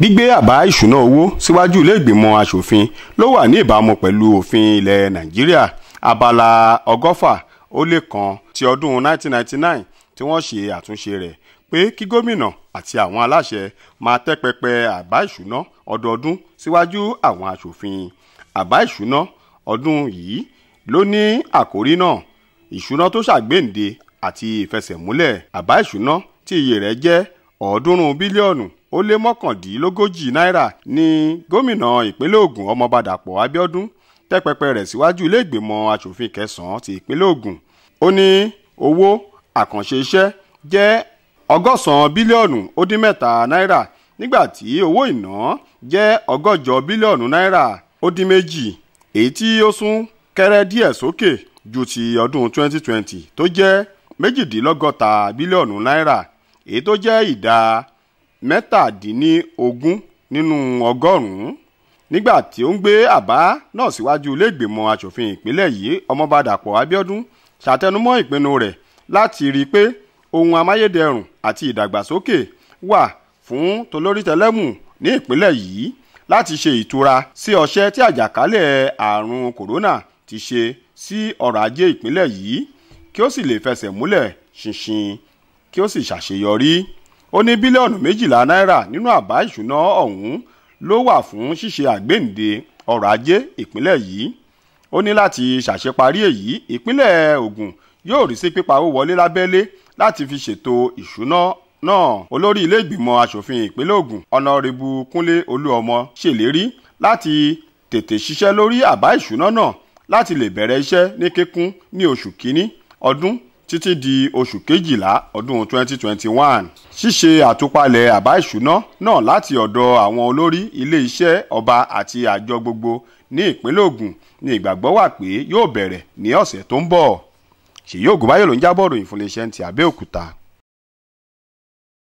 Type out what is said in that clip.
gbígbé àbá ìṣúná owó síwájú ilé ìgbìmọ̀ asòfin ló wà ní ìbámu pẹ̀lú òfin ilẹ̀ nàìjíríà abala ọgọ́fà ó lé kan ti ọdún 1999 tí wọ́n ṣe àtúnṣe rẹ̀ pé kí gómìnà àti àwọn aláṣẹ máa tẹ́ pẹpẹ àbá ìṣúná ọdọọdún síwájú àwọn asòfin àbá ìṣúná ọdún yìí ló ní àkórí náà ìṣúná tó ṣàgbéǹde àti ìfẹsẹ̀múlẹ̀ àbá ìṣúná tí iye rẹ̀ jẹ́ ọ̀ọ́dúnrún bílíọ̀nù ó lé mọ́kàndínlógójì náírà ní gómìnà ìpínlẹ̀ Ògùn ọmọọba Dàpọ̀ Abíọ́dún tẹ́ pẹpẹ rẹ̀ síwájú ilé ìgbìmọ̀ asòfin kẹsànán ti ìpínlẹ̀ Ògùn ó ní owó àkànṣe iṣẹ́ jẹ́ ọgọ́sàn-án bílíọ̀nù ó dín mẹ́ta náírà nígbà tí owó ìná jẹ́ ọgọ́jọ bílíọ̀nù náírà ó dín méjì èyí tí ó sún kẹ́rẹ́ díẹ̀ sókè ju ti ọdún 2020 tó jẹ́ méjìdínlọ́gọ́ta bílíọ̀nù náírà èyí tó jẹ́ ìdá mẹ́tàdínníogún nínú ọgọ́rùn-ún nígbà tí ó ń gbé àbá náà síwájú iléègbèmọ̀ asòfin ìpínlẹ̀ yìí ọmọọba dàpọ̀ abíọ́dún ṣàtẹnumọ́ ìpinnu rẹ̀ láti rí i pé ohun amáyédẹrùn àti ìdàgbàsókè wà fún tolórí tẹlẹ́mù ní ìpínlẹ̀ yìí láti ṣe ìtura sí ọṣẹ́ tí àjàkálẹ̀ àrùn kòrónà ti ṣe sí ọrọ̀ ajé ìpínlẹ̀ yìí kí ó sì lè fẹsẹ̀ múlẹ̀ ṣinṣin kí ó sì ṣàṣeyọrí ó ní bílíọ̀nù méjìlá náírà nínú àbá ìṣúná ọ̀hún ló wà fún ṣíṣe àgbéǹde ọrọ̀ ajé ìpínlẹ̀ yìí ó ní láti ṣàṣeparí èyí ìpínlẹ̀ Ògùn yóò rí sí pípa owó wọlé lábẹ́lé láti fi ṣètò ìṣúná náà olórí ilé ìgbìmọ̀ asòfin ìpínlẹ̀ Ògùn ọ̀nàrẹ́bù Kúnlé Olúọmọ ṣèlérí láti tètè ṣiṣẹ́ lórí àbá ìṣúná náà láti lè bẹ̀rẹ̀ iṣẹ́ ní kíkún ní oṣù kínní ọdún títí di oṣù kejìlá ọdún 2021 ṣíṣe àtúpalẹ̀ àbá ìṣúná náà láti ọ̀dọ̀ àwọn olórí ilé-iṣẹ́ ọba àti àjọ gbogbo ní ìpínlẹ̀ Ògùn ni ìgbàgbọ́ wà pé yóò bẹ̀rẹ̀ ní ọ̀sẹ̀ tó ń bọ̀ Ṣèyí Ògúnbáyọ̀ ló ń jábọ̀ ròyìn fún iléeṣẹ́ ti Abẹ́òkúta